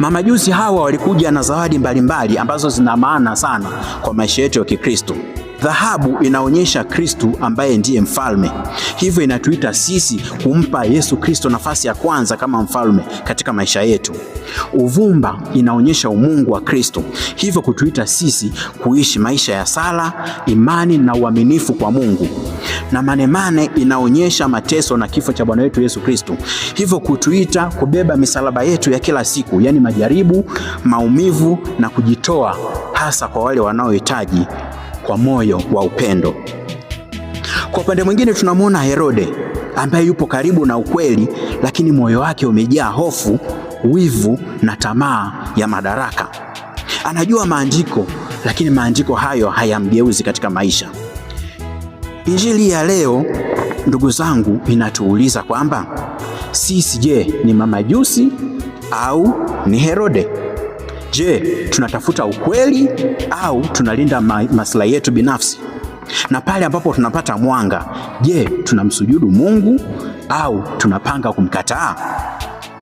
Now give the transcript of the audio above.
Mamajusi hawa walikuja na zawadi mbalimbali mbali ambazo zina maana sana kwa maisha yetu ya Kikristo. Dhahabu inaonyesha Kristu ambaye ndiye mfalme, hivyo inatuita sisi kumpa Yesu Kristo nafasi ya kwanza kama mfalme katika maisha yetu. Uvumba inaonyesha umungu wa Kristo, hivyo kutuita sisi kuishi maisha ya sala, imani na uaminifu kwa Mungu. Na manemane inaonyesha mateso na kifo cha Bwana wetu Yesu Kristo, hivyo kutuita kubeba misalaba yetu ya kila siku, yaani majaribu, maumivu na kujitoa, hasa kwa wale wanaohitaji kwa moyo wa upendo. Kwa upande mwingine, tunamwona Herode ambaye yupo karibu na ukweli, lakini moyo wake umejaa hofu, wivu na tamaa ya madaraka. Anajua maandiko, lakini maandiko hayo hayamgeuzi katika maisha. Injili ya leo, ndugu zangu, inatuuliza kwamba sisi je, ni mamajusi au ni Herode? Je, tunatafuta ukweli au tunalinda ma maslahi yetu binafsi? Na pale ambapo tunapata mwanga, je, tunamsujudu Mungu au tunapanga kumkataa?